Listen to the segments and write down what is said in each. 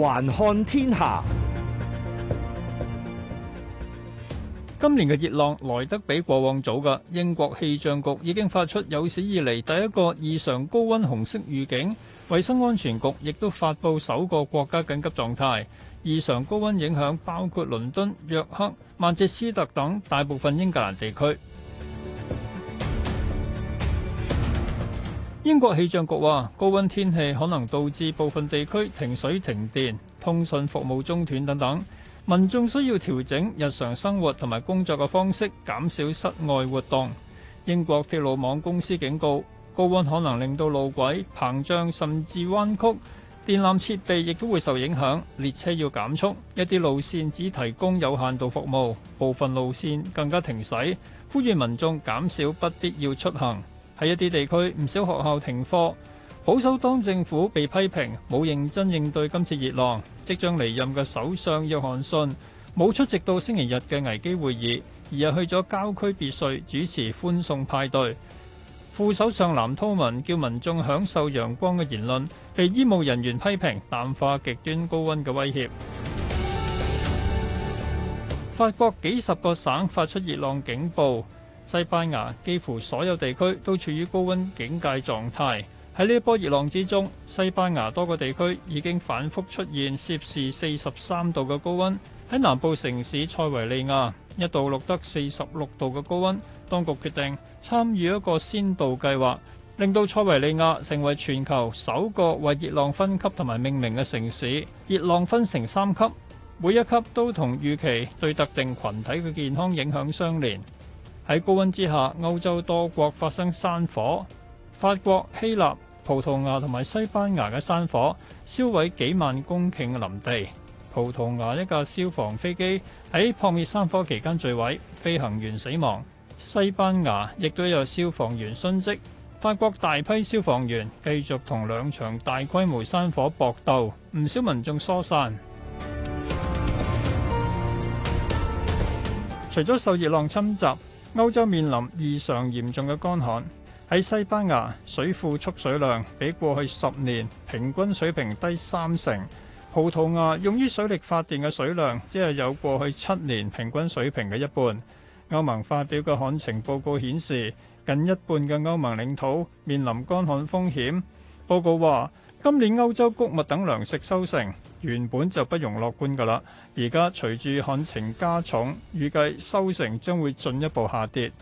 環看天下，今年嘅熱浪來得比過往早噶。英國氣象局已經發出有史以嚟第一個異常高溫紅色預警，衛生安全局亦都發布首個國家緊急狀態。異常高溫影響包括倫敦、約克、曼徹斯特等大部分英格蘭地區。英國氣象局話，高溫天氣可能導致部分地區停水、停電、通訊服務中斷等等，民眾需要調整日常生活同埋工作嘅方式，減少室外活動。英國鐵路網公司警告，高溫可能令到路軌膨脹甚至彎曲，電纜設備亦都會受影響，列車要減速，一啲路綫只提供有限度服務，部分路綫更加停駛，呼籲民眾減少不必要出行。喺一啲地區，唔少學校停課。保守黨政府被批評冇認真應對今次熱浪。即將離任嘅首相約翰遜冇出席到星期日嘅危機會議，而係去咗郊區別墅主持歡送派對。副首相藍韜文叫民眾享受陽光嘅言論，被醫務人員批評淡化極端高溫嘅威脅。法國幾十個省發出熱浪警報。西班牙幾乎所有地區都處於高溫警戒狀態。喺呢一波熱浪之中，西班牙多個地區已經反覆出現攝氏四十三度嘅高溫。喺南部城市塞維利亞一度錄得四十六度嘅高溫，當局決定參與一個先導計劃，令到塞維利亞成為全球首個為熱浪分級同埋命名嘅城市。熱浪分成三級，每一級都同預期對特定群體嘅健康影響相連。喺高溫之下，歐洲多國發生山火，法國、希臘、葡萄牙同埋西班牙嘅山火燒毀幾萬公頃嘅林地。葡萄牙一架消防飛機喺撲滅山火期間墜毀，飛行員死亡。西班牙亦都有消防員殉職。法國大批消防員繼續同兩場大規模山火搏鬥，唔少民眾疏散。除咗受熱浪侵襲，歐洲面臨異常嚴重嘅乾旱，喺西班牙水庫蓄水量比過去十年平均水平低三成，葡萄牙用於水力發電嘅水量只係有過去七年平均水平嘅一半。歐盟發表嘅旱情報告顯示，近一半嘅歐盟領土面臨乾旱風險。報告話，今年歐洲穀物等糧食收成。原本就不容樂觀噶啦，而家隨住旱情加重，預計收成將會進一步下跌。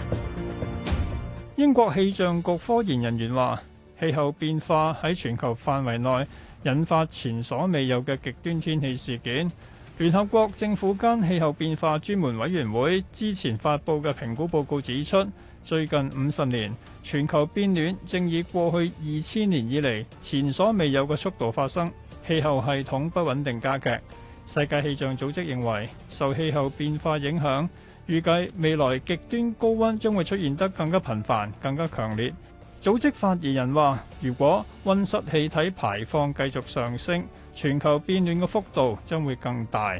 英國氣象局科研人員話氣候變化喺全球範圍內引發前所未有嘅極端天氣事件，聯合國政府間氣候變化專門委員會之前發布嘅評估報告指出，最近五十年，全球變暖正以過去二千年以嚟前所未有嘅速度發生，氣候系統不穩定加劇，世界氣象組織認為受氣候變化影響，預計未來極端高溫將會出現得更加頻繁、更加強烈。組織發言人話，如果溫室氣體排放繼續上升，全球變暖嘅幅度將會更大。